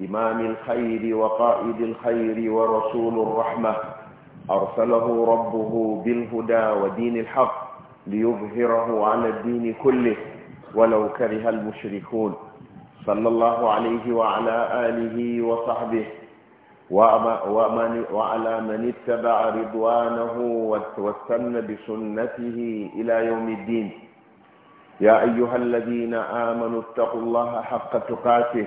إمام الخير وقائد الخير ورسول الرحمة أرسله ربه بالهدى ودين الحق ليظهره على الدين كله ولو كره المشركون صلى الله عليه وعلى آله وصحبه ومن وعلى من اتبع رضوانه واستنى بسنته إلى يوم الدين يا أيها الذين آمنوا اتقوا الله حق تقاته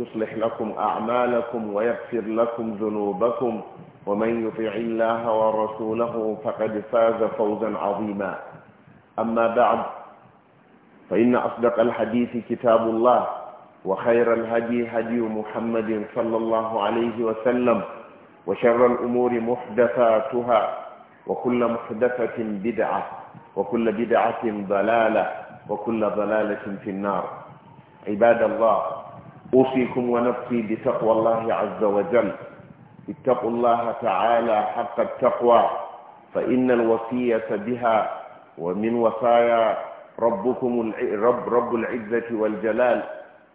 يصلح لكم أعمالكم ويغفر لكم ذنوبكم ومن يطع الله ورسوله فقد فاز فوزا عظيما أما بعد فإن أصدق الحديث كتاب الله وخير الهدي هدي محمد صلى الله عليه وسلم وشر الأمور محدثاتها وكل محدثة بدعة وكل بدعة ضلالة وكل ضلالة في النار عباد الله أوصيكم ونفسي بتقوى الله عز وجل اتقوا الله تعالى حق التقوى فإن الوصية بها ومن وصايا ربكم رب, رب العزة والجلال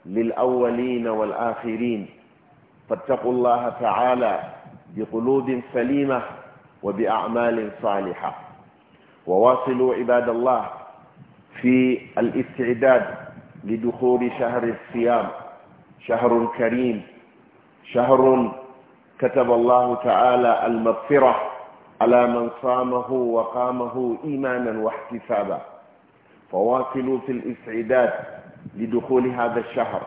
للأولين والآخرين فاتقوا الله تعالى بقلوب سليمة وبأعمال صالحة وواصلوا عباد الله في الاستعداد لدخول شهر الصيام شهر كريم شهر كتب الله تعالى المغفرة على من صامه وقامه إيمانا واحتسابا فواصلوا في الاستعداد لدخول هذا الشهر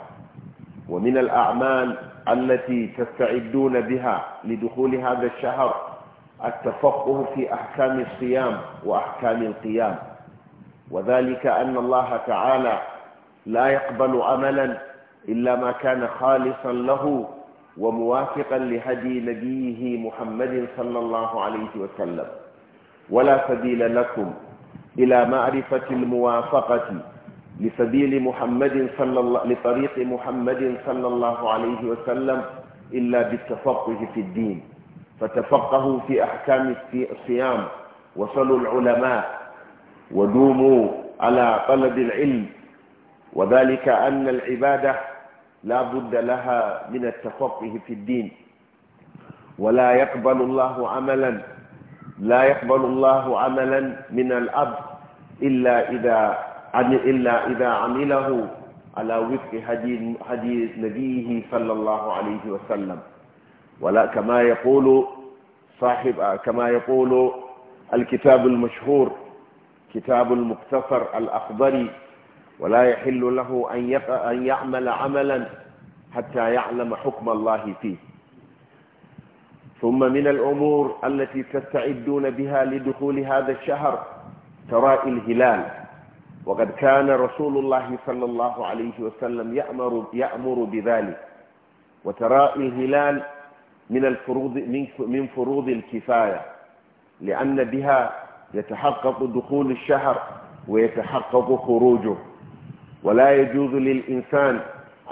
ومن الأعمال التي تستعدون بها لدخول هذا الشهر التفقه في أحكام الصيام وأحكام القيام وذلك أن الله تعالى لا يقبل عملا إلا ما كان خالصا له وموافقا لهدي نبيه محمد صلى الله عليه وسلم ولا سبيل لكم إلى معرفة الموافقة لسبيل محمد صلى الله لطريق محمد صلى الله عليه وسلم إلا بالتفقه في الدين فتفقهوا في أحكام الصيام وصلوا العلماء ودوموا على طلب العلم وذلك أن العبادة لا بد لها من التفقه في الدين ولا يقبل الله عملا لا يقبل الله عملا من الأرض إلا إذا إلا إذا عمله على وفق حديث حديث نبيه صلى الله عليه وسلم ولا كما يقول صاحب كما يقول الكتاب المشهور كتاب المختصر الأخضري ولا يحل له أن, أن يعمل عملا حتى يعلم حكم الله فيه ثم من الأمور التي تستعدون بها لدخول هذا الشهر تراء الهلال وقد كان رسول الله صلى الله عليه وسلم يأمر, يأمر بذلك وتراء الهلال من, الفروض من فروض الكفاية لأن بها يتحقق دخول الشهر ويتحقق خروجه ولا يجوز للإنسان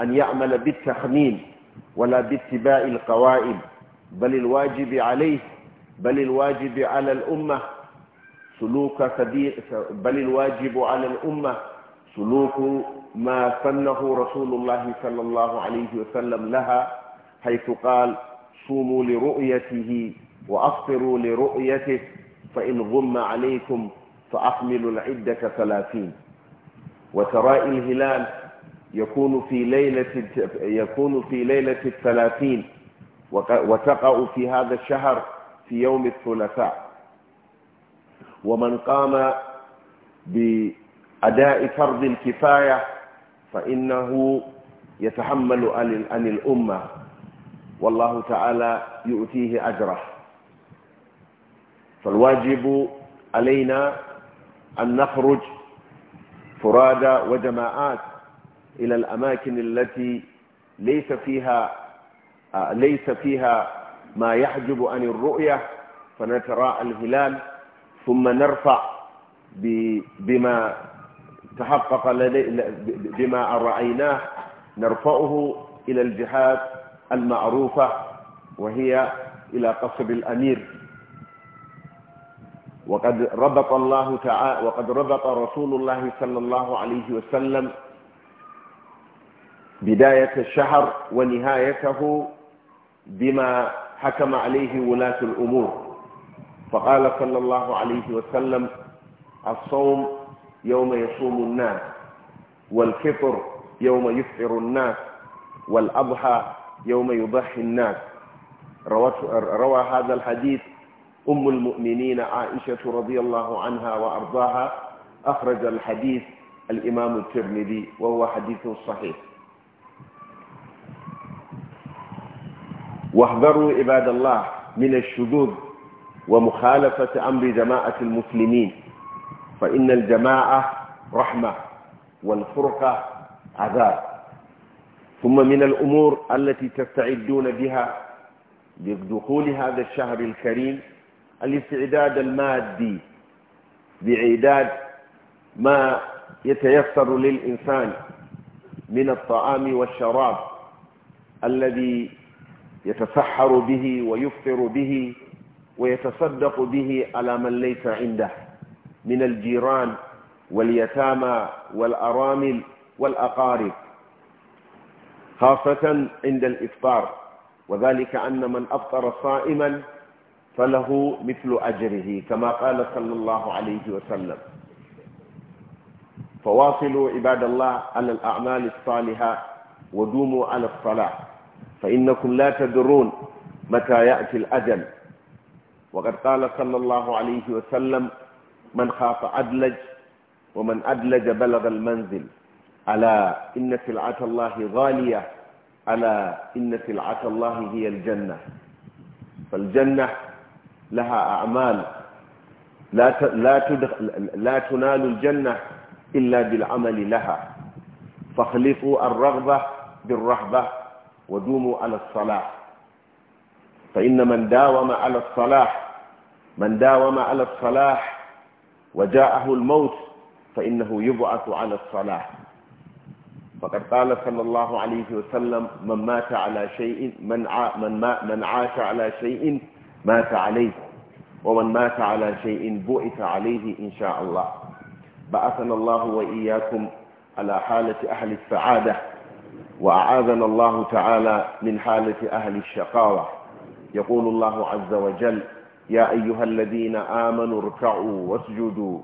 أن يعمل بالتخمين ولا باتباع القوائم بل الواجب عليه بل الواجب على الأمة سلوك سبيل بل الواجب على الأمة سلوك ما سنه رسول الله صلى الله عليه وسلم لها حيث قال صوموا لرؤيته وأفطروا لرؤيته فإن غم عليكم فأحملوا العدة ثلاثين وتراء الهلال يكون في ليلة يكون في ليلة الثلاثين وتقع في هذا الشهر في يوم الثلاثاء ومن قام بأداء فرض الكفاية فإنه يتحمل عن الأمة والله تعالى يؤتيه أجره فالواجب علينا أن نخرج فرادى وجماعات إلى الأماكن التي ليس فيها آه، ليس فيها ما يحجب عن الرؤية فنتراءى الهلال ثم نرفع بما تحقق بما رأيناه نرفعه إلى الجهات المعروفة وهي إلى قصر الأمير وقد ربط الله تعالى وقد ربط رسول الله صلى الله عليه وسلم بداية الشهر ونهايته بما حكم عليه ولاة الأمور فقال صلى الله عليه وسلم الصوم يوم يصوم الناس والفطر يوم يفطر الناس والأضحى يوم يضحي الناس روى هذا الحديث أم المؤمنين عائشة رضي الله عنها وأرضاها أخرج الحديث الإمام الترمذي وهو حديث صحيح واحذروا عباد الله من الشذوذ ومخالفة أمر جماعة المسلمين فإن الجماعة رحمة والفرقة عذاب ثم من الأمور التي تستعدون بها لدخول هذا الشهر الكريم الاستعداد المادي بعداد ما يتيسر للإنسان من الطعام والشراب الذي يتسحر به ويفطر به ويتصدق به على من ليس عنده من الجيران واليتامى والأرامل والأقارب خاصة عند الإفطار وذلك أن من أفطر صائما فله مثل أجره كما قال صلى الله عليه وسلم فواصلوا عباد الله على الأعمال الصالحة ودوموا على الصلاة فإنكم لا تدرون متى يأتي الأجل وقد قال صلى الله عليه وسلم من خاف أدلج ومن أدلج بلغ المنزل ألا إن سلعة الله غالية ألا إن سلعة الله هي الجنة فالجنة لها أعمال لا لا لا تنال الجنة إلا بالعمل لها فاخلفوا الرغبة بالرهبة ودوموا على الصلاح فإن من داوم على الصلاح من داوم على الصلاح وجاءه الموت فإنه يبعث على الصلاح فقد قال صلى الله عليه وسلم من مات على شيء من من, من عاش على شيء مات عليه ومن مات على شيء بعث عليه إن شاء الله بعثنا الله وإياكم على حالة أهل السعادة وأعاذنا الله تعالى من حالة أهل الشقاوة يقول الله عز وجل يا أيها الذين آمنوا اركعوا واسجدوا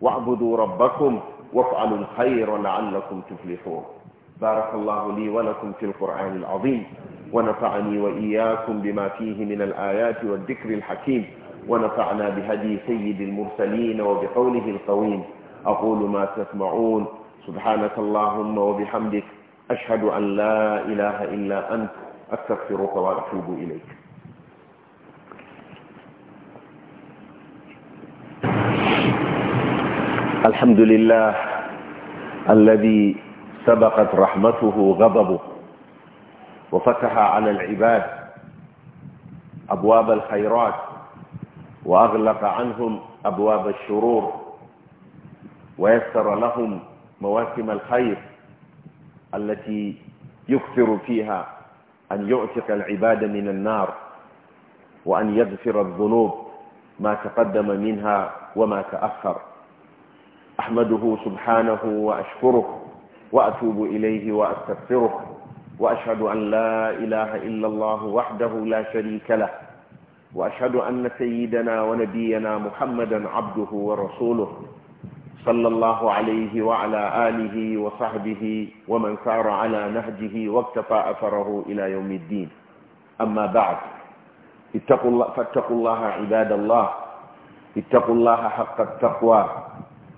واعبدوا ربكم وافعلوا الخير لعلكم تفلحون بارك الله لي ولكم في القرآن العظيم ونفعني وإياكم بما فيه من الآيات والذكر الحكيم ونفعنا بهدي سيد المرسلين وبقوله القويم أقول ما تسمعون سبحانك اللهم وبحمدك أشهد أن لا إله إلا أنت أستغفرك وأتوب إليك الحمد لله الذي سبقت رحمته غضبه وفتح على العباد أبواب الخيرات وأغلق عنهم أبواب الشرور ويسر لهم مواسم الخير التي يكثر فيها أن يعتق العباد من النار وأن يغفر الذنوب ما تقدم منها وما تأخر أحمده سبحانه وأشكره وأتوب إليه وأستغفره وأشهد أن لا إله إلا الله وحده لا شريك له وأشهد أن سيدنا ونبينا محمدا عبده ورسوله صلى الله عليه وعلى آله وصحبه ومن سار على نهجه واقتفى أثره إلى يوم الدين أما بعد اتقوا الله فاتقوا الله عباد الله اتقوا الله حق التقوى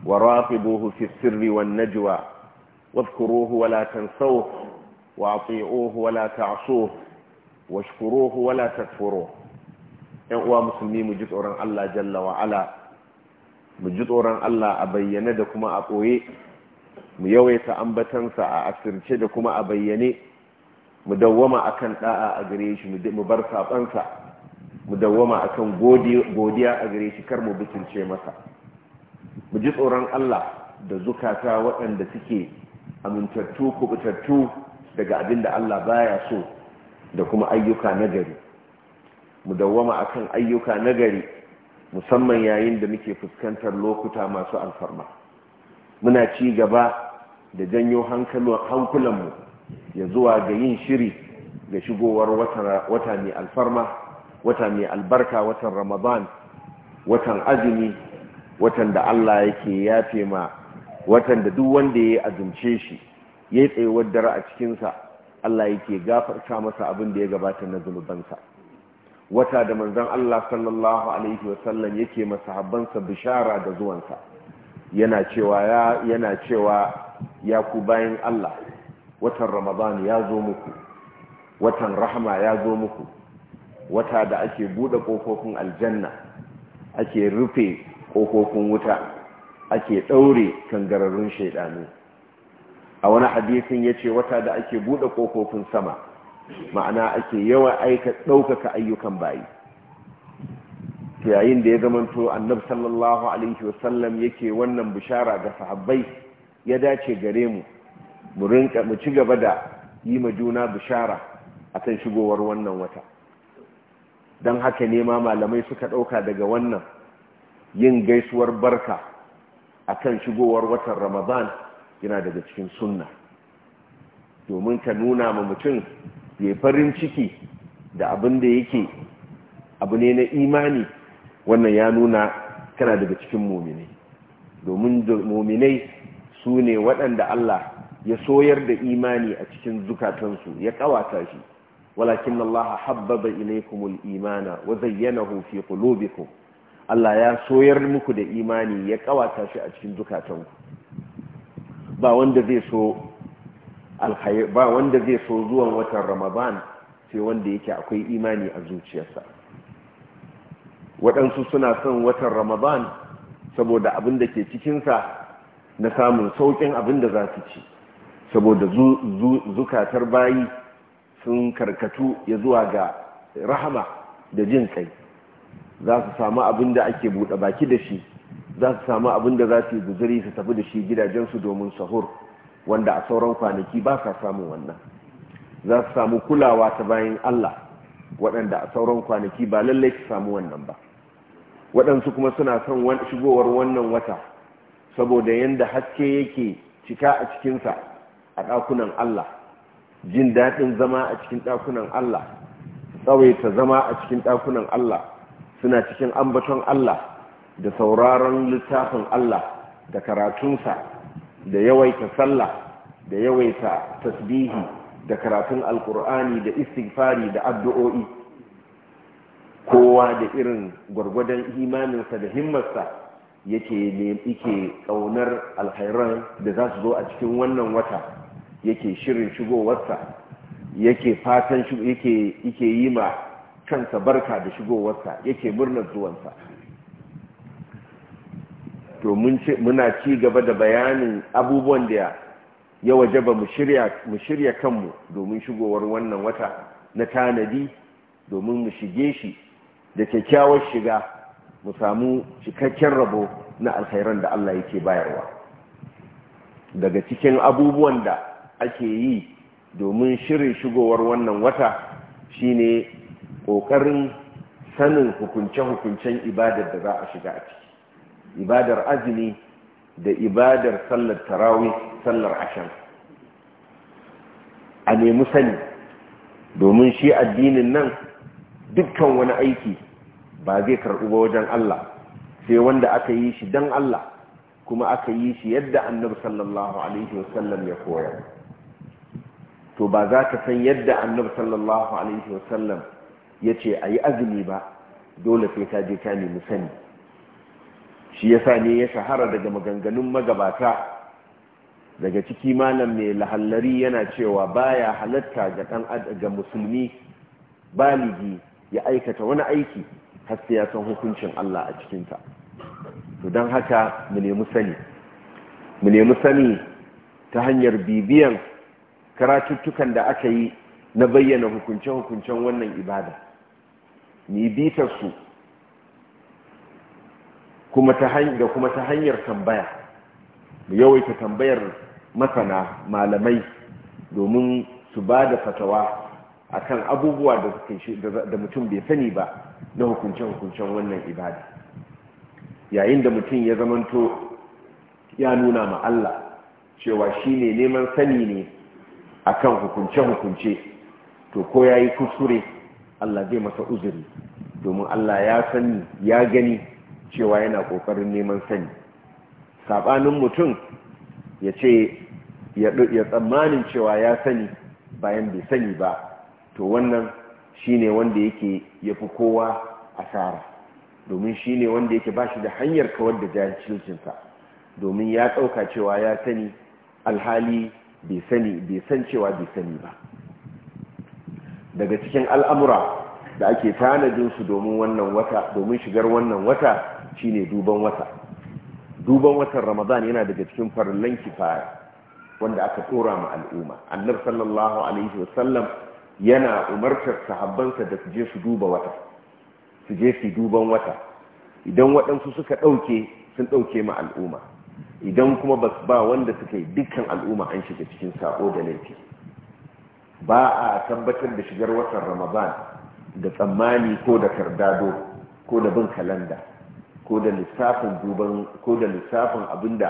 وراقبوه في السر والنجوى واذكروه ولا تنسوه واطيعوه ولا تعصوه واشكروه ولا تكفروه ان هو مسلمي مجد الله جل وعلا مجد الله ابينه da kuma a koye mu yawaita ambatansa a asirce da kuma a bayyane mu dawwama akan da'a a gare shi mu bar sabansa mu dawwama akan godiya a gare shi kar mu bitince masa mu ji tsoron Allah da zukata waɗanda suke amintattu kubutattu daga abin da Allah baya so da kuma ayyuka nagari mu dawwama akan ayyuka nagari musamman yayin da muke fuskantar lokuta masu alfarma muna ci gaba da janyo hankulanmu ya zuwa ga yin shiri ga shigowar wata mai alfarma wata mai albarka watan ramadan watan azumi watan da Allah yake yafe ma watan da duk wanda ya azumce shi ya yi tsayuwar dare a cikinsa Allah yake gafarta masa abin da ya gabata na zunubansa wata da manzan Allah sallallahu alaihi wasallam yake masahabbansa bishara da zuwansa yana cewa ya yana cewa ya ku bayan Allah watan Ramadan ya zo muku watan rahma ya zo muku wata da ake bude kofofin aljanna ake rufe kofofin wuta ake daure kangararrun shaidanu a wani hadisin ya ce wata da ake buɗe ƙofofin sama ma'ana ake yawan aika ɗaukaka ayyukan bayi yayin da ya zamanto annab sallallahu alaihi wasallam yake wannan bishara ga sahabbai ya dace gare mu mu rinka mu ci gaba da yi ma juna bishara a kan shigowar wannan wata don haka ne ma malamai suka ɗauka daga wannan yin gaisuwar barka a kan shigowar watan ramadan yana daga cikin sunna domin ka nuna ma mutum ya farin ciki da abin da yake abu ne na imani wannan ya nuna kana daga cikin muminai domin muminai su ne waɗanda Allah ya soyar da imani a cikin zukatansu ya kawata shi walakin Allah habbaba ilaikumul imana wa zayyanahu fi qulubikum Allah ya soyar muku da imani ya kawata shi a cikin zukatanku ba wanda zai so zuwan watan ramadan sai wanda yake akwai imani a zuciyarsa waɗansu suna son watan ramadan saboda abin da ke cikinsa na samun sauƙin abin da za su ci saboda zukatar bayi sun karkatu ya zuwa ga rahama da jin kai za su samu abin da ake buɗe baki da shi za su samu abin da za su yi guzuri su tafi da shi gidajensu domin sahur wanda a sauran kwanaki ba sa samun wannan za su samu kulawa ta bayan Allah waɗanda a sauran kwanaki ba lallai su samu wannan ba waɗansu kuma suna son shigowar wannan wata saboda yadda haske yake cika a cikinsa a ɗakunan Allah jin daɗin zama a cikin ɗakunan Allah tsawaita zama a cikin ɗakunan Allah suna cikin ambaton Allah da sauraron littafin Allah da karatunsa da yawaita sallah da yawaita tasbihi da karatun alkur'ani da istighfari da addu'o'i kowa da irin gwargwadon imaninsa da himmarsa yake ne yake ƙaunar alhairan da za su zo a cikin wannan wata yake shirin shigowarsa yake fatan yake yi ma kansa barka da shigowarsa yake murnar zuwansa to muna ci gaba da bayanin abubuwan da ya ba mu shirya kanmu domin shigowar wannan wata na tanadi domin mu shige shi da kyakkyawar shiga mu samu cikakken rabo na alkhairan da Allah yake bayarwa daga cikin abubuwan da ake yi domin shirin shigowar wannan wata shine ƙoƙarin sanin hukunce-hukuncen ibadar da za a shiga a ibadar azumi da ibadar sallar tarawih sallar ashan a nemi sani domin shi addinin nan dukkan wani aiki ba zai karɓi ba wajen Allah sai wanda aka yi shi dan Allah kuma aka yi shi yadda annabi sallallahu alaihi wasallam ya koyar to ba za ka san yadda annabi sallallahu alaihi wasallam ya ce a yi azumi ba dole sai ka je ka nemi sani shi yasa ne ya shahara daga maganganun magabata daga ciki malam mai lahallari yana cewa baya halatta ga dan ga musulmi baligi ya aikata wani aiki har sai ya san hukuncin Allah a cikinta to don haka mu nemi sani mu sani ta hanyar bibiyan karatuttukan da aka yi na bayyana hukunce-hukuncen wannan ibada ni bitar su kuma ta hanyar da kuma ta hanyar tambaya mu yawaita tambayar masana malamai domin su ba da fatawa akan abubuwa da mutum bai sani ba na hukunce-hukuncen wannan ibada yayin da mutum ya zamanto ya nuna ma Allah cewa shi ne neman sani ne akan hukunce-hukunce to ko ya yi kusure Allah zai masa uzuri domin Allah ya sani ya gani cewa yana kokarin neman sani sabanin mutum ya ce ya tsammanin cewa ya sani bayan bai sani ba to wannan shine wanda yake ya fi kowa asara domin shine wanda yake ba shi da hanyar kawar da jahilcinsa domin ya ɗauka cewa ya sani alhali bai sani bai san cewa bai sani ba daga cikin al'amura da ake tanajinsu domin shigar wannan wata shine duban wata duban watan ramadan yana daga cikin farallan kifaya wanda aka tsora ma al'umma annabi sallallahu alaihi wasallam yana umartar sahabbansa da su je su duba wata su je su duban wata idan waɗansu suka ɗauke sun ɗauke ma al'umma idan kuma ba ba wanda suka yi dukkan al'umma an shiga cikin sako da laifi ba a tabbatar da shigar watan ramadan da tsammani ko da kardado ko da bin kalanda ko da lissafin duban ko da lissafin abinda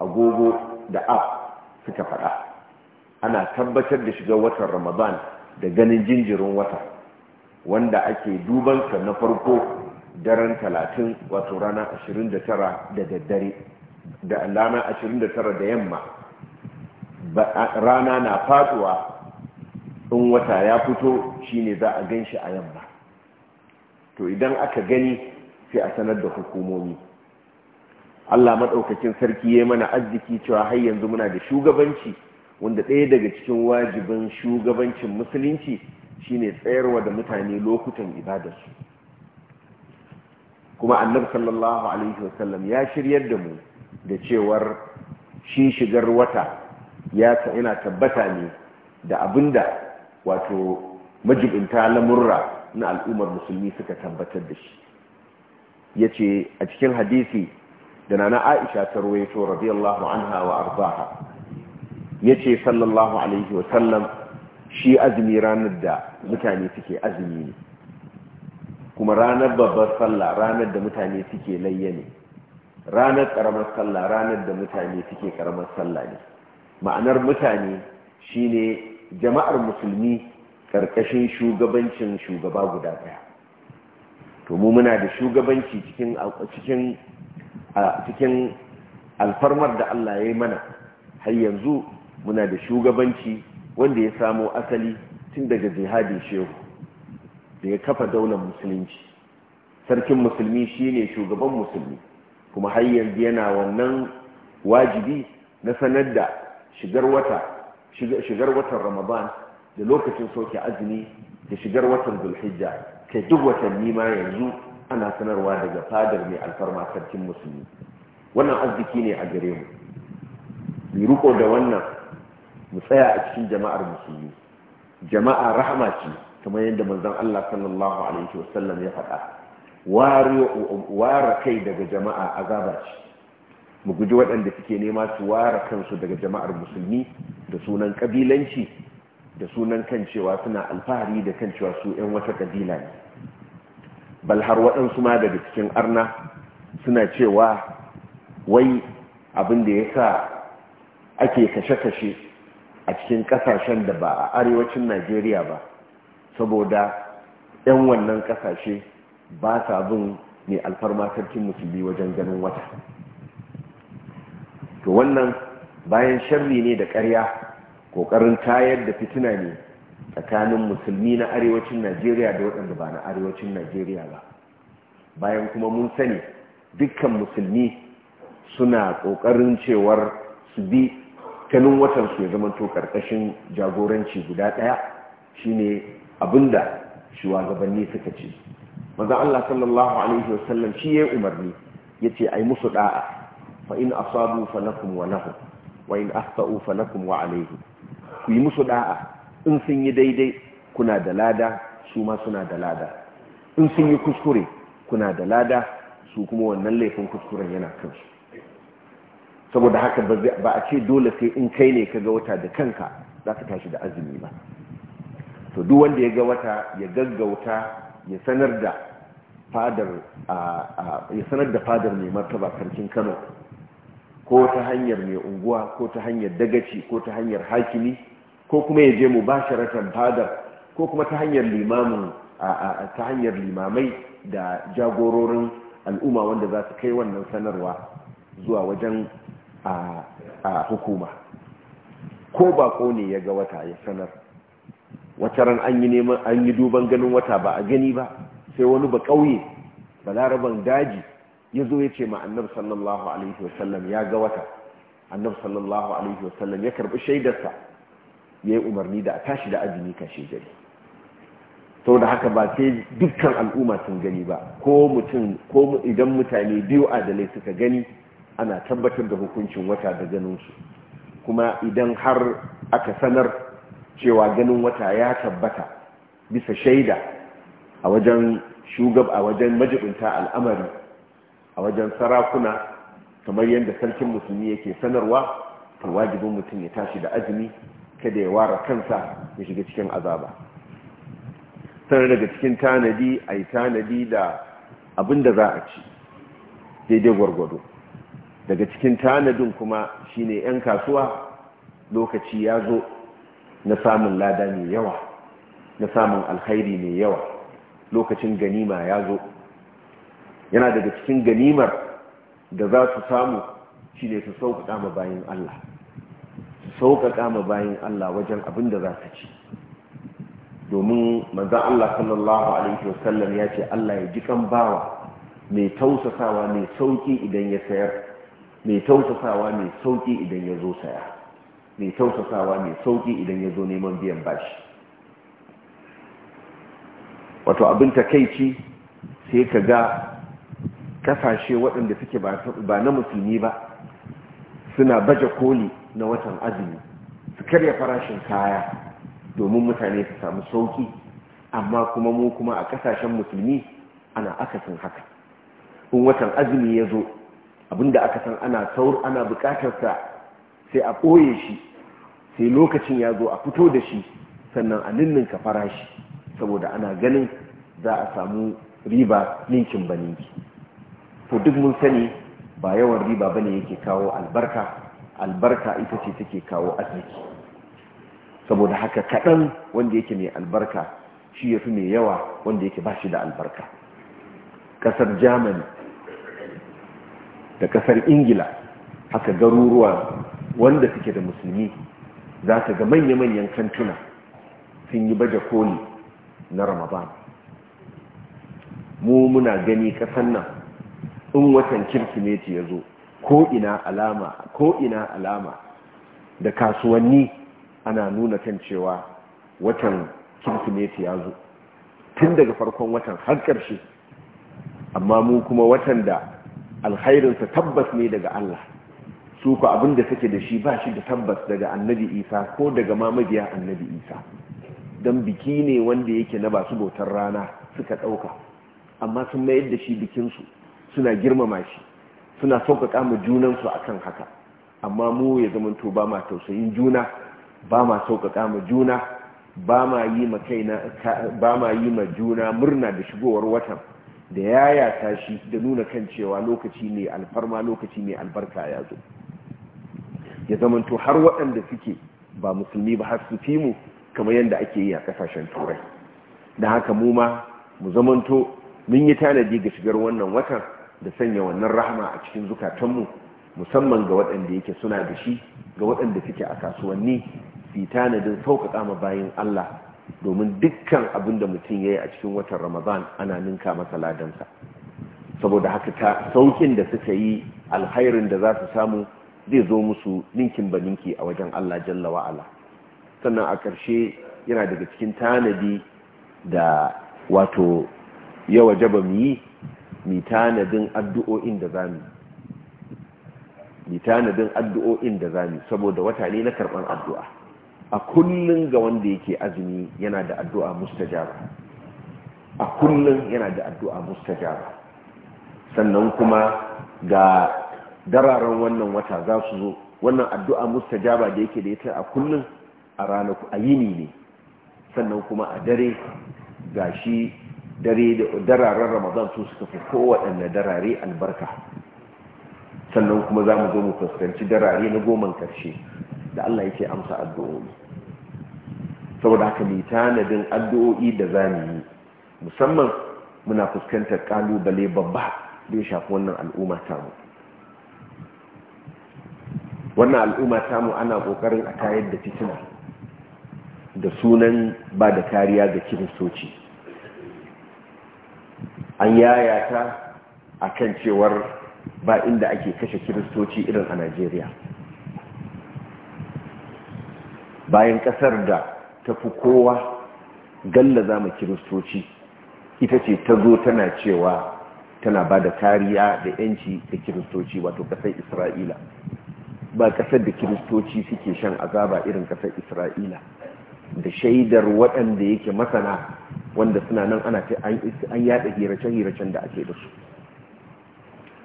agogo da app suka faɗa ana tabbatar da shiga watan ramadan da ganin jinjirin wata wanda ake dubansa na farko daren talatin wato rana ashirin da daddare da rana 29 yamma rana na faduwa in wata ya fito shine za a gan shi a yamma to idan aka gani sai a sanar da hukumomi Allah maɗaukakin sarki ya mana arziki cewa har yanzu muna da shugabanci wanda ɗaya daga cikin wajibin shugabancin musulunci shine tsayarwa da mutane lokutan ibadarsu kuma annabi sallallahu alaihi wasallam ya shiryar da mu da cewar shi shigar wata ya ina tabbata ne da abinda wato majibinta lamurra na al'ummar musulmi suka tabbatar da shi yace a cikin hadisi da nana aisha ta ruwaito radiyallahu anha wa arzaha ya ce sallallahu alaihi wasallam shi azumi ranar da mutane suke azumi ne kuma ranar babbar sallah ranar da mutane suke layya ne ranar karamar sallah ranar da mutane suke karamar sallah ne ma'anar mutane shine jama'ar musulmi karkashin shugabancin shugaba guda daya to mu muna da shugabanci cikin cikin cikin alfarmar da Allah ya yi mana har yanzu muna da shugabanci wanda ya samo asali tun daga jihadin shehu da ya kafa daular musulunci sarkin musulmi shine shugaban musulmi kuma har yanzu yana wannan wajibi na sanar da shigar wata shigar watan ramadan da lokacin soke azumi da shigar watan zulhijja Ta duk watanni ma yanzu ana sanarwa daga fadar mai alfarma sarkin musulmi wannan arziki ne a gare mu mu riko da wannan mu tsaya a cikin jama'ar musulmi jama'a rahama ce kamar yadda manzon Allah sallallahu alaihi wasallam ya faɗa Wara kai daga jama'a a azaba ce mu guji waɗanda suke nema su wara kansu daga jama'ar musulmi da sunan kabilanci da sunan kan cewa suna alfahari da kan cewa su 'yan wata ƙabila ne bal har waɗansu ma daga cikin arna suna cewa wai abin da ya sa ake kashe-kashe a cikin ƙasashen da ba a arewacin najeriya ba saboda 'yan wannan ƙasashe ba sa bin mai alfarma sarkin musulmi wajen ganin wata to wannan bayan sharri ne da ƙarya kokarin tayar da fitina ne tsakanin musulmi na arewacin najeriya da waɗanda ba na arewacin najeriya ba bayan kuma mun sani dukkan musulmi suna kokarin cewar su bi tanin watansu ya zama to karkashin jagoranci guda ɗaya shine abinda shugabanni suka ce maza Allah sallallahu alaihi wasallam shi ya umarni ya ce ai musu da'a fa in asabu falakum wa lahum wa in na falakum wa ku yi musu da'a in sun yi daidai kuna da lada su ma suna da lada in sun yi kuskure kuna da lada su kuma wannan laifin kuskuren yana kansu saboda haka ba a ce dole sai in kai ne ka ga wata da kanka za ka tashi da azumi ba to duk wanda ya ga wata ya gaggauta ya sanar da fadar ya sanar da fadar mai martaba karkin kano ko ta hanyar mai unguwa ko ta hanyar dagaci ko ta hanyar hakimi ko kuma ya je mu ba shi rashin fadar ko kuma ta hanyar limamin ta hanyar limamai da jagororin al'umma wanda za su kai wannan sanarwa zuwa wajen a hukuma ko ko ne ya ga wata ya sanar wata ran an yi neman an yi duban ganin wata ba a gani ba sai wani ba kauye balaraban daji ya zo ya ce ma annabi sallallahu alaihi wasallam ya ga wata annabi sallallahu alaihi wasallam ya karbi shaidarsa ya yi umarni da a tashi da azumi kan shegari sau da haka ba sai dukkan al'umma sun gani ba ko mutum ko idan mutane biyu adalai suka gani ana tabbatar da hukuncin wata da ganinsu kuma idan har aka sanar cewa ganin wata ya tabbata bisa shaida a wajen shugab a wajen majibinta al'amari a wajen sarakuna kamar yadda sarkin musulmi yake sanarwa to wajibin mutum ya tashi da azumi kada ya ware kansa ya shiga cikin azaba sanar daga cikin tanadi a yi tanadi da abin da za a ci daidai gwargwado daga cikin tanadin kuma shine 'yan kasuwa lokaci ya zo na samun lada mai yawa na samun alkhairi mai yawa lokacin ganima ya zo yana daga cikin ganimar da za su samu shine su sauƙaƙa ma bayan Allah sauƙaƙa ma bayan Allah wajen abin da za ka ci domin manzan Allah sallallahu alaihi wasallam ya ce Allah ya ji kan bawa mai tausasawa mai sauƙi idan ya sayar mai tausasawa mai sauƙi idan ya zo saya mai tausasawa mai sauƙi idan ya zo neman biyan bashi wato abin takaici sai ka ga kasashe waɗanda suke ba na musulmi ba suna baje koli na watan azumi su karya farashin kaya domin mutane su samu sauki amma kuma mu kuma a kasashen musulmi ana akasin haka in watan azumi ya zo abinda aka san ana saur ana bukatarsa sai a ɓoye shi sai lokacin ya zo a fito da shi sannan a ninninka farashi saboda ana ganin za a samu riba ninkin baninki to duk mun sani ba yawan riba bane yake kawo albarka albarka ita ce take kawo arziki saboda haka kaɗan wanda yake mai albarka shi ya fi mai yawa wanda yake ba shi da albarka ƙasar germany da ƙasar ingila haka garuruwa wanda suke da musulmi za ta ga manya-manyan kantuna sun yi baje koli na ramadan mu muna gani ƙasar nan in watan kirsimeti ya zo ko ina alama ko ina alama da kasuwanni ana nuna kan cewa watan kirsimeti ya zo tun daga farkon watan har ƙarshe amma mu kuma watan da alkhairinsa tabbas ne daga Allah su ku abin da take da shi ba shi da tabbas daga annabi isa ko daga mamabiya annabi isa don biki ne wanda yake na basu bautar rana suka ɗauka amma sun mayar da shi bikinsu suna girmama shi suna sauƙaƙa mu junansu a kan haka amma mu ya zamanto ba ma tausayin juna ba ma sauƙaƙa mu juna ba ma yi ma juna murna da shigowar watan da ya yaya shi da nuna kan cewa lokaci ne alfarma lokaci ne albarka ya zo ya zamanto har waɗanda suke ba musulmi ba har su fi mu kamar yadda ake yi a ƙasashen turai da haka mu ma mu zamanto mun yi tanadi ga shigar wannan watan da sanya wannan rahama a cikin zukatanmu musamman ga waɗanda yake suna da shi ga waɗanda suke a kasuwanni fi tanadin sauƙaƙa ma bayan Allah domin dukkan abin da mutum ya yi a cikin watan Ramadan ana ninka masa ladansa saboda haka ta saukin da suka yi alhairin da za su samu zai zo musu ninkin ba ninki a wajen Allah jalla wa'ala sannan a ƙarshe yana daga cikin tanadi da wato ya wajaba mu yi mi tanadin addu'o'in da zamu mi tanadin addu'o'in da saboda wata ne na karban addu'a a kullun ga wanda yake azumi yana da addu'a mustajaba a kullun yana da addu'a mustajaba sannan kuma ga dararen wannan wata za su zo wannan addu'a mustajaba da yake da ita a kullun a ranaku a yini ne sannan kuma a dare ga shi dare da dararen ramadan su suka fi kowaɗanne darare albarka sannan kuma za mu zo mu fuskanci darare na goman karshe da Allah yake amsa addu'o'i saboda haka mai tanadin addu'o'i da za mu yi musamman muna fuskantar kalubale babba da ya shafi wannan al'umma tamu wannan al'umma tamu ana ƙoƙarin a kayar da fitina da sunan ba da kariya ga kiristoci an yayata a kan cewar ba inda ake kashe kiristoci irin a najeriya bayan kasar da ta fi kowa gallaza mu kiristoci ita ce ta zo tana cewa tana ba da kariya da yanci da kiristoci wato kasar isra'ila ba kasar da kiristoci suke shan azaba irin kasar isra'ila da shaidar waɗanda yake masana wanda suna nan ana ta an yada hirace-hiracen da ake da su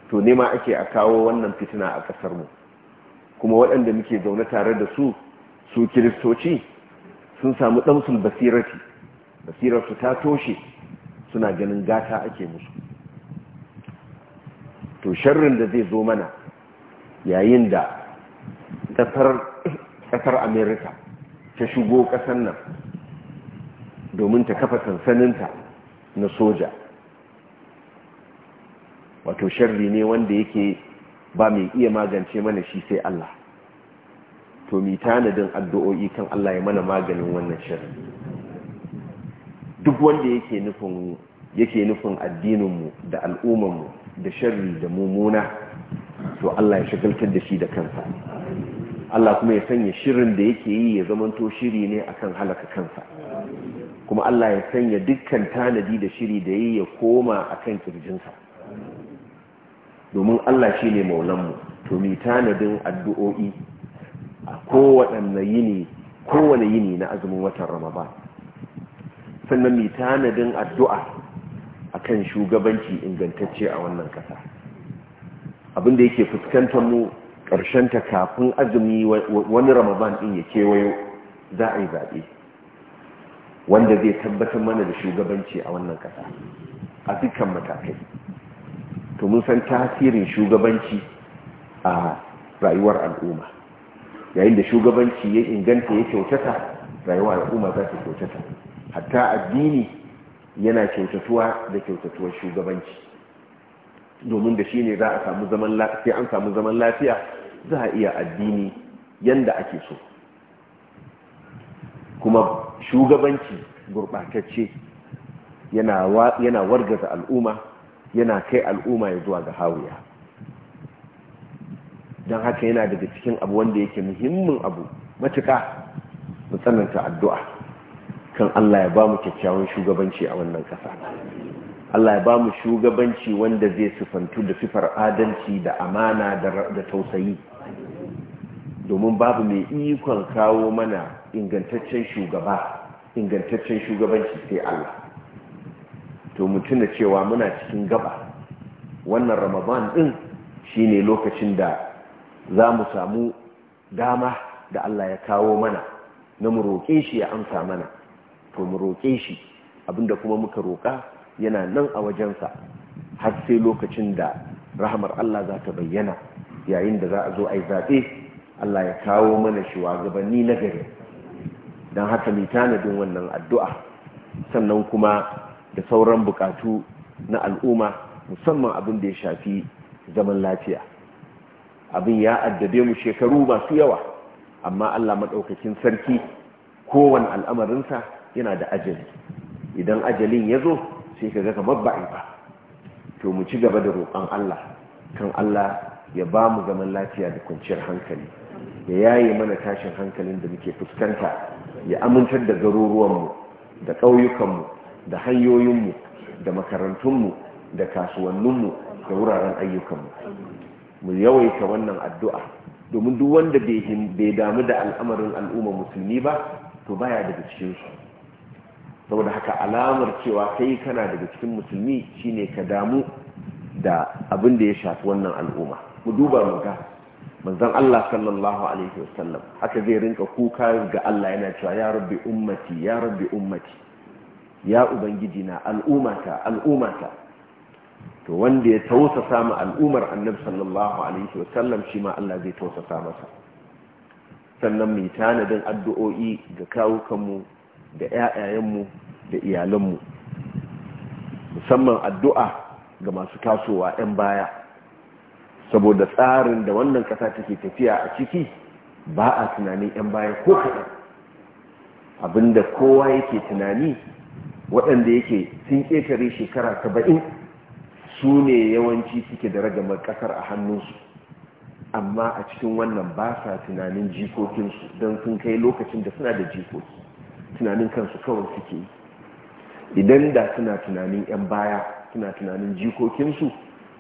to nema ake a kawo wannan fitina a kasar mu kuma waɗanda muke zaune tare da su su kiristoci sun samu ɗansun basirati basirarsu ta toshe suna ganin gata ake musu to sharrin da zai zo mana yayin da ƙasar amerika ta shigo ƙasar nan domin ta kafa sansaninta na soja wato sharri ne wanda yake ba mai iya magance mana shi sai Allah to mi tanadin addu'o'i kan Allah ya mana maganin wannan sharri duk wanda yake nufin yake nufin addininmu da al'ummarmu da sharri da mumuna to Allah ya shagaltar da shi da kansa Allah kuma ya sanya shirin da yake yi ya zamanto shiri ne akan halaka kansa kuma Allah ya sanya dukkan tanadi da shiri da yi ya koma a kan kirjinsa domin Allah shi ne maulanmu to mi tanadin addu'o'i a kowaɗanne yini kowane yini na azumin watan ramaba sannan mi tanadin addu'a a kan shugabanci ingantacce a wannan ƙasa abinda yake fuskantar mu ƙarshenta kafin azumi wani ramaban ɗin ya kewayo za a yi zaɓe wanda zai tabbatar mana da shugabanci a wannan kasa a dukkan matakai to mun san tasirin shugabanci a rayuwar al'umma yayin da shugabanci ya inganta ya kyautata rayuwar al'umma za ta kyautata hatta addini yana kyautatuwa da kyautatuwar shugabanci domin da shine za a samu zaman lafiya an samu zaman lafiya za a iya addini yanda ake so kuma shugabanci gurɓatacce yana wargaza al'umma yana kai al'umma ya zuwa ga hawiya don haka yana daga cikin abu wanda yake muhimmin abu matuka tsananta addu'a kan Allah ya ba mu kyakkyawan shugabanci a wannan kasa Allah ya ba mu shugabanci wanda zai sifantu da sifar adalci da amana da tausayi domin babu mai ikon kawo mana ingantaccen shugaba ingantaccen shugabanci sai Allah to mutuna cewa muna cikin gaba wannan ramadan din shine lokacin da za mu samu dama da Allah ya kawo mana na mu roƙe shi ya amsa mana to mu roƙe shi abinda kuma muka roƙa yana nan a wajensa har sai lokacin da rahmar Allah za ta bayyana yayin da za a zo a yi zaɓe Allah ya kawo mana shuwagabanni na gari don haka mai tanadin wannan addu'a sannan kuma da sauran bukatu na al'umma musamman abin da ya shafi zaman lafiya abin ya addabe mu shekaru masu yawa amma allah maɗaukakin sarki kowane al'amarinsa yana da ajali idan ajalin ya zo sai ka ga kamar ba to mu ci gaba da roƙon allah kan allah ya ba mu zaman lafiya da kwanciyar hankali ya yaye mana tashin hankalin da muke fuskanta ya amintar da garuruwanmu da ƙauyukanmu da hanyoyinmu da makarantunmu da kasuwanninmu da wuraren ayyukanmu mu yawaita wannan addu'a domin duk wanda bai damu da al'amarin al'umma musulmi ba to baya daga cikinsu saboda haka alamar cewa kai kana daga cikin musulmi shine ka damu da abin da ya shafi wannan al'umma mu duba mu ga manzon Allah sallallahu alaihi wasallam haka zai rinka kuka ga Allah yana cewa ya rabbi ummati ya rabbi ummati ya ubangiji na al'umata al'umata to wanda ya tausasa ma al'umar annabi sallallahu alaihi wasallam shi ma Allah zai tausasa masa sannan mu tanadin addu'o'i ga mu da mu da iyalanmu musamman addu'a ga masu tasowa 'yan baya saboda tsarin da wannan ƙasa take tafiya a ciki ba a tunanin 'yan baya ko kaɗan abinda kowa yake tunani waɗanda yake sun ƙetare shekara saba'in su ne yawanci suke da ragamar ƙasar a hannunsu amma a cikin wannan ba sa tunanin jikokinsu don sun kai lokacin da suna da jikoki tunanin kansu kawai suke idan da suna tunanin 'yan baya suna tunanin jikokinsu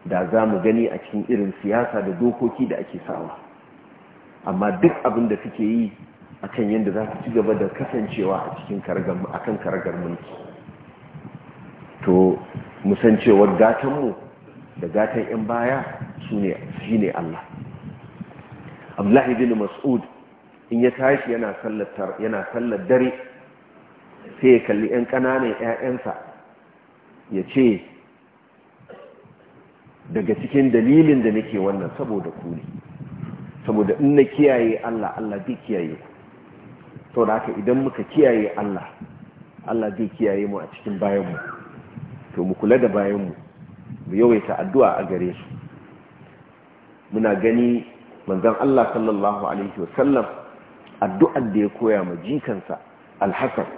da za mu gani a cikin irin siyasa da dokoki da ake sawa amma duk abin da suke yi akan yadda za su ci gaba da kasancewa a cikin akan karagar mulki to musancewar gatanmu da gatan 'yan baya shi ne Allah abdullahi bin mas'ud in ya tashi yana sallar dare sai ya kalli 'yan ƙananan 'ya'yansa ya ce daga cikin dalilin da nake wannan saboda ku saboda in na kiyaye Allah Allah zai kiyaye ku to da haka idan muka kiyaye Allah Allah zai kiyaye mu a cikin bayanmu to mu kula da bayan mu mu yawaita addu'a a gare su muna gani manzon Allah sallallahu alaihi wasallam addu'ar da ya koya ma jikansa alhassan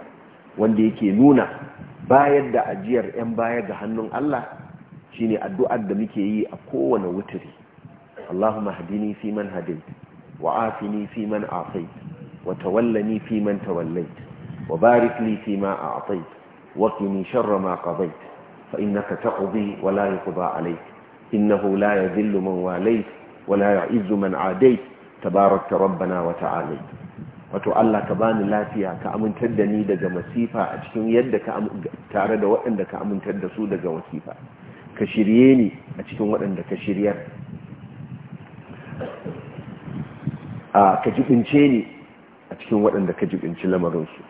wanda yake nuna bayar da ajiyar 'yan baya ga hannun Allah shine addu'ar da muke yi a kowane wuturi Allahumma hadini fi man hadait wa afini fi man afait wa tawallani fi man tawallait wa barik li fi ma a'tait wa qini sharra ma qadait fa innaka taqdi wa la yuqda alayk innahu la yadhillu man walayt wa la yu'izzu man adait tabarakta rabbana wa ta'alayt wato Allah ka bani lafiya ka amintar da ni daga masifa a cikin yadda ka tare da waɗanda ka amintar da su daga wasifa ka shirye ni a cikin waɗanda ka shiryar a ka jibince ni a cikin waɗanda ka jibinci lamarinsu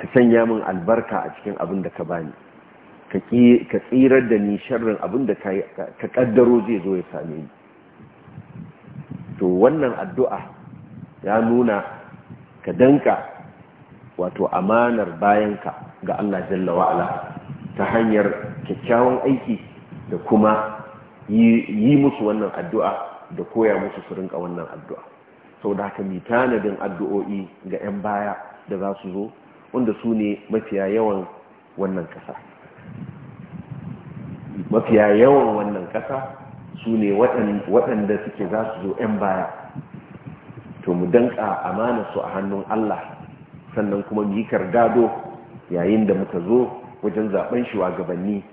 ka sanya min albarka a cikin abin da ka bani ka tsirar da ni sharrin abin da ka kaddaro zai zo ya same ni to wannan addu'a ya nuna ka danka wato amanar bayanka ga Allah jalla wa'ala ta hanyar kyakkyawan aiki da kuma yi musu wannan addu'a da koya musu su rinka wannan addu'a sau da haka mai tanadin addu'o'i ga 'yan baya da za su zo wanda su ne mafiya yawan wannan ƙasa mafiya yawan wannan ƙasa su ne waɗanda suke za su zo 'yan baya to mu danka amana su a hannun Allah sannan kuma mu yi kardado yayin da muka zo wajen zaben gabanni.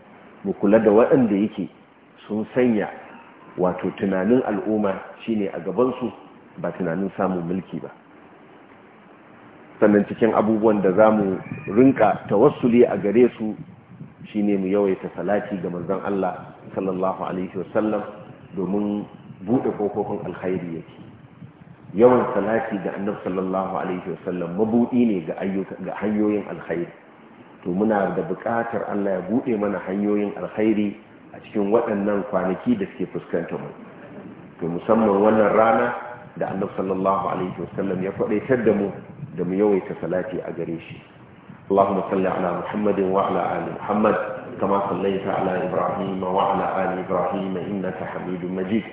mu kula da waɗanda yake sun sanya wato tunanin al'umma shine a gabansu ba tunanin samun mulki ba sannan cikin abubuwan da za mu rinka tawassuli a gare su shine mu yawaita salati ga manzon Allah sallallahu alaihi wasallam domin buɗe kofofin alkhairi yake yawan salati ga annabi sallallahu alaihi wasallam mabuɗi ne ga hanyoyin alkhairi to muna da buƙatar Allah ya buɗe mana hanyoyin alkhairi a cikin waɗannan kwanaki da suke fuskantar mu to musamman wannan rana da annabi sallallahu alaihi wasallam ya faɗaitar da mu da mu yawaita salati a gare shi اللهم صل على محمد وعلى آل محمد كما صليت على إبراهيم وعلى آل إبراهيم إنك حميد مجيد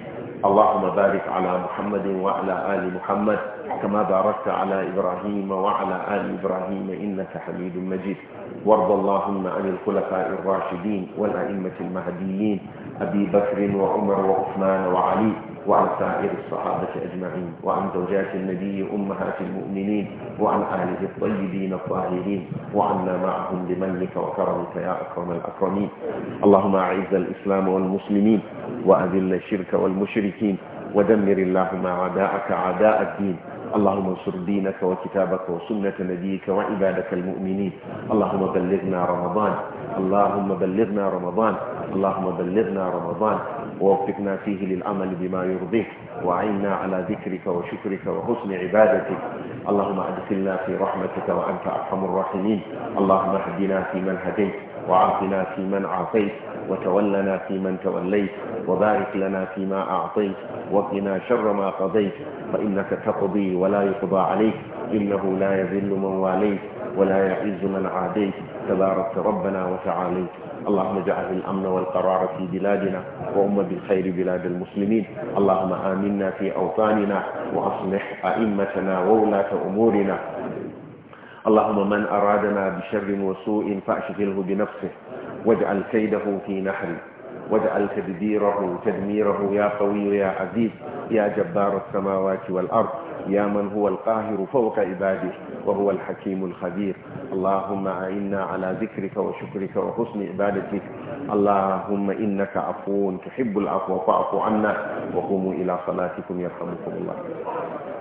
اللهم بارك على محمد وعلى آل محمد كما باركت على إبراهيم وعلى آل إبراهيم إنك حميد مجيد وارض اللهم عن الخلفاء الراشدين والأئمة المهديين أبي بكر وعمر وعثمان وعلي وعن سائر الصحابة أجمعين وعن زوجات النبي أمهات المؤمنين وعن آله الطيبين الطاهرين وعنا معهم بمنك وكرمك يا أكرم الأكرمين اللهم أعز الإسلام والمسلمين وأذل الشرك والمشركين ودمر اللهم عداءك عداء الدين اللهم انصر دينك وكتابك وسنة نبيك وعبادك المؤمنين اللهم بلغنا رمضان اللهم بلغنا رمضان اللهم بلغنا رمضان ووفقنا فيه للعمل بما يرضيك وعينا على ذكرك وشكرك وحسن عبادتك اللهم أدخلنا في رحمتك وأنت أرحم الراحمين اللهم اهدنا فيمن هديت وعافنا فيمن عافيت وتولنا فيمن توليت وبارك لنا فيما أعطيت وقنا شر ما قضيت فإنك تقضي ولا يقضى عليك إنه لا يذل من واليت ولا يعز من عاديت تبارك ربنا وتعاليت اللهم اجعل الأمن والقرار في بلادنا وأمة بالخير بلاد المسلمين اللهم آمنا في أوطاننا وأصلح أئمتنا وولاة أمورنا اللهم من أرادنا بشر وسوء فأشغله بنفسه واجعل كيده في نحره واجعل تدبيره تدميره يا قوي يا عزيز يا جبار السماوات والأرض يا من هو القاهر فوق عباده وهو الحكيم الخبير اللهم أعنا على ذكرك وشكرك وحسن عبادتك اللهم إنك عفو تحب العفو فاعف عنا وقوموا إلى صلاتكم يرحمكم الله